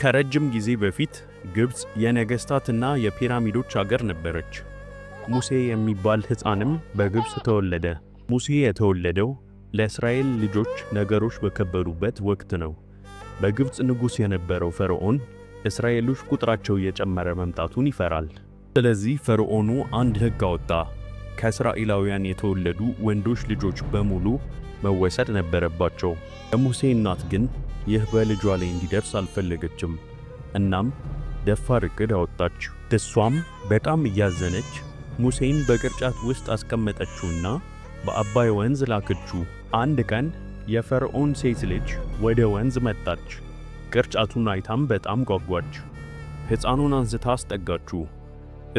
ከረጅም ጊዜ በፊት ግብፅ የነገሥታትና የፒራሚዶች አገር ነበረች። ሙሴ የሚባል ሕፃንም በግብፅ ተወለደ። ሙሴ የተወለደው ለእስራኤል ልጆች ነገሮች በከበዱበት ወቅት ነው። በግብፅ ንጉሥ የነበረው ፈርዖን እስራኤሎች ቁጥራቸው እየጨመረ መምጣቱን ይፈራል። ስለዚህ ፈርዖኑ አንድ ሕግ አወጣ። ከእስራኤላውያን የተወለዱ ወንዶች ልጆች በሙሉ መወሰድ ነበረባቸው። የሙሴ እናት ግን ይህ በልጇ ላይ እንዲደርስ አልፈለገችም። እናም ደፋር እቅድ አወጣች። እሷም በጣም እያዘነች ሙሴን በቅርጫት ውስጥ አስቀመጠችውና በአባይ ወንዝ ላከችው። አንድ ቀን የፈርዖን ሴት ልጅ ወደ ወንዝ መጣች። ቅርጫቱን አይታም በጣም ጓጓች። ሕፃኑን አንስታ አስጠጋችው።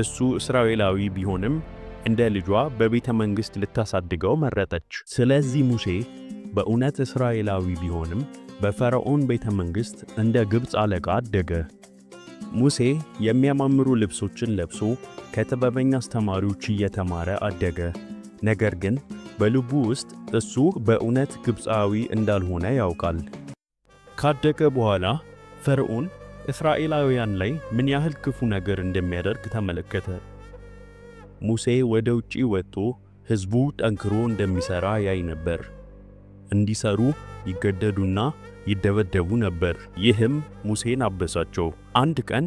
እሱ እስራኤላዊ ቢሆንም እንደ ልጇ በቤተ መንግሥት ልታሳድገው መረጠች። ስለዚህ ሙሴ በእውነት እስራኤላዊ ቢሆንም በፈርዖን ቤተ መንግሥት እንደ ግብፅ አለቃ አደገ። ሙሴ የሚያማምሩ ልብሶችን ለብሶ ከጥበበኛ አስተማሪዎች እየተማረ አደገ። ነገር ግን በልቡ ውስጥ እሱ በእውነት ግብፃዊ እንዳልሆነ ያውቃል። ካደገ በኋላ ፈርዖን እስራኤላውያን ላይ ምን ያህል ክፉ ነገር እንደሚያደርግ ተመለከተ። ሙሴ ወደ ውጪ ወጥቶ ሕዝቡ ጠንክሮ እንደሚሠራ ያይ ነበር። እንዲሰሩ ይገደዱና ይደበደቡ ነበር። ይህም ሙሴን አበሳቸው። አንድ ቀን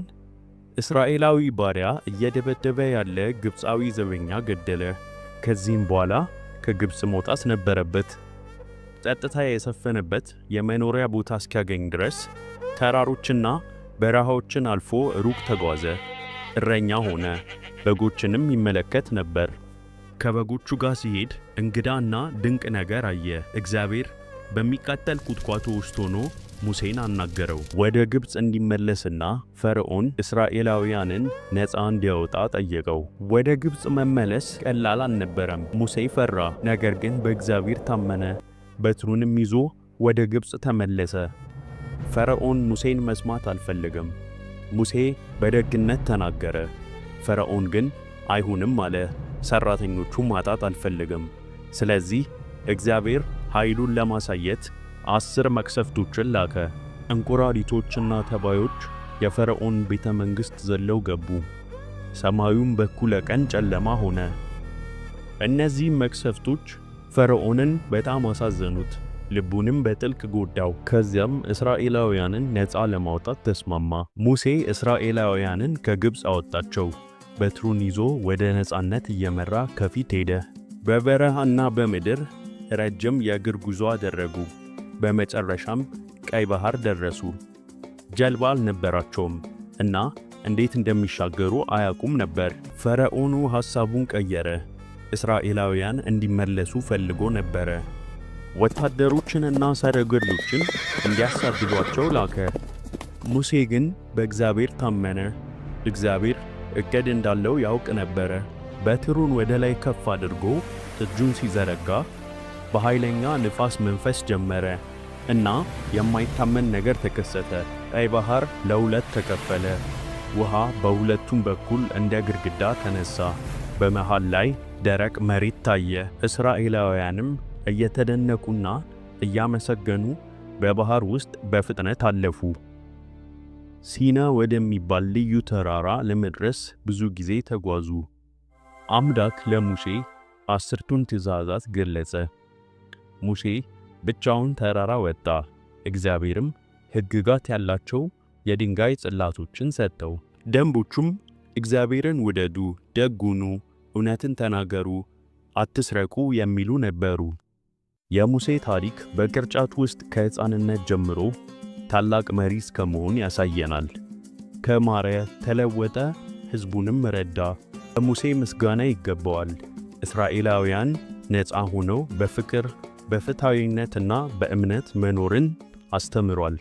እስራኤላዊ ባሪያ እየደበደበ ያለ ግብፃዊ ዘበኛ ገደለ። ከዚህም በኋላ ከግብፅ መውጣት ነበረበት። ጸጥታ የሰፈነበት የመኖሪያ ቦታ እስኪያገኝ ድረስ ተራሮችና በረሃዎችን አልፎ ሩቅ ተጓዘ። እረኛ ሆነ፣ በጎችንም ይመለከት ነበር። ከበጎቹ ጋር ሲሄድ እንግዳና ድንቅ ነገር አየ። እግዚአብሔር በሚቃጠል ቁጥቋጦ ውስጥ ሆኖ ሙሴን አናገረው። ወደ ግብፅ እንዲመለስና ፈርዖን እስራኤላውያንን ነፃ እንዲያወጣ ጠየቀው። ወደ ግብፅ መመለስ ቀላል አልነበረም። ሙሴ ፈራ፣ ነገር ግን በእግዚአብሔር ታመነ። በትሩንም ይዞ ወደ ግብፅ ተመለሰ። ፈርዖን ሙሴን መስማት አልፈለገም። ሙሴ በደግነት ተናገረ። ፈርዖን ግን አይሁንም አለ። ሰራተኞቹ ማጣት አልፈለገም። ስለዚህ እግዚአብሔር ኃይሉን ለማሳየት አስር መቅሰፍቶችን ላከ። እንቁራሪቶችና ተባዮች የፈርዖን ቤተ መንግሥት ዘለው ገቡ። ሰማዩም በኩለ ቀን ጨለማ ሆነ። እነዚህ መቅሰፍቶች ፈርዖንን በጣም አሳዘኑት፣ ልቡንም በጥልቅ ጎዳው። ከዚያም እስራኤላውያንን ነፃ ለማውጣት ተስማማ። ሙሴ እስራኤላውያንን ከግብፅ አወጣቸው። በትሩን ይዞ ወደ ነፃነት እየመራ ከፊት ሄደ። በበረሃና በምድር ረጅም የእግር ጉዞ አደረጉ። በመጨረሻም ቀይ ባህር ደረሱ። ጀልባ አልነበራቸውም እና እንዴት እንደሚሻገሩ አያውቁም ነበር። ፈርዖኑ ሐሳቡን ቀየረ። እስራኤላውያን እንዲመለሱ ፈልጎ ነበረ። ወታደሮችንና ሰረገሎችን እንዲያሳድዷቸው ላከ። ሙሴ ግን በእግዚአብሔር ታመነ። እግዚአብሔር እቅድ እንዳለው ያውቅ ነበረ። በትሩን ወደ ላይ ከፍ አድርጎ እጁን ሲዘረጋ በኃይለኛ ንፋስ መንፈስ ጀመረ እና የማይታመን ነገር ተከሰተ። ቀይ ባህር ለሁለት ተከፈለ። ውሃ በሁለቱም በኩል እንደ ግድግዳ ተነሳ። በመሃል ላይ ደረቅ መሬት ታየ። እስራኤላውያንም እየተደነቁና እያመሰገኑ በባህር ውስጥ በፍጥነት አለፉ። ሲና ወደሚባል ልዩ ተራራ ለመድረስ ብዙ ጊዜ ተጓዙ። አምላክ ለሙሴ አስርቱን ትእዛዛት ገለጸ። ሙሴ ብቻውን ተራራ ወጣ። እግዚአብሔርም ሕግጋት ያላቸው የድንጋይ ጽላቶችን ሰጠው። ደንቦቹም እግዚአብሔርን ውደዱ፣ ደጉኑ እውነትን ተናገሩ፣ አትስረቁ የሚሉ ነበሩ። የሙሴ ታሪክ በቅርጫት ውስጥ ከሕፃንነት ጀምሮ ታላቅ መሪ እስከመሆን ያሳየናል። ከማረ፣ ተለወጠ፣ ሕዝቡንም ረዳ። ለሙሴ ምስጋና ይገባዋል። እስራኤላውያን ነፃ ሆነው በፍቅር በፍትሐዊነትና በእምነት መኖርን አስተምሯል።